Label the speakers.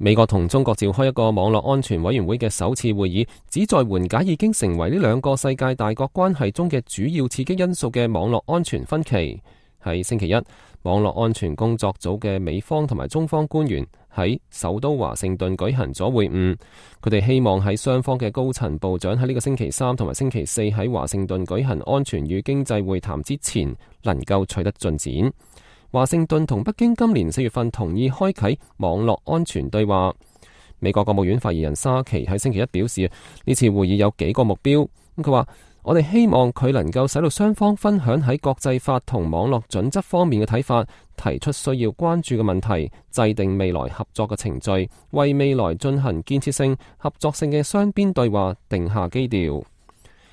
Speaker 1: 美國同中國召開一個網絡安全委員會嘅首次會議，旨在緩解已經成為呢兩個世界大國關係中嘅主要刺激因素嘅網絡安全分歧。喺星期一，網絡安全工作組嘅美方同埋中方官員喺首都華盛頓舉行咗會晤，佢哋希望喺雙方嘅高層部長喺呢個星期三同埋星期四喺華盛頓舉行安全與經濟會談之前，能夠取得進展。華盛頓同北京今年四月份同意開啟網絡安全對話。美國國務院發言人沙奇喺星期一表示，呢次會議有幾個目標。咁佢話：我哋希望佢能夠使到雙方分享喺國際法同網絡準則方面嘅睇法，提出需要關注嘅問題，制定未來合作嘅程序，為未來進行建設性、合作性嘅雙邊對話定下基調。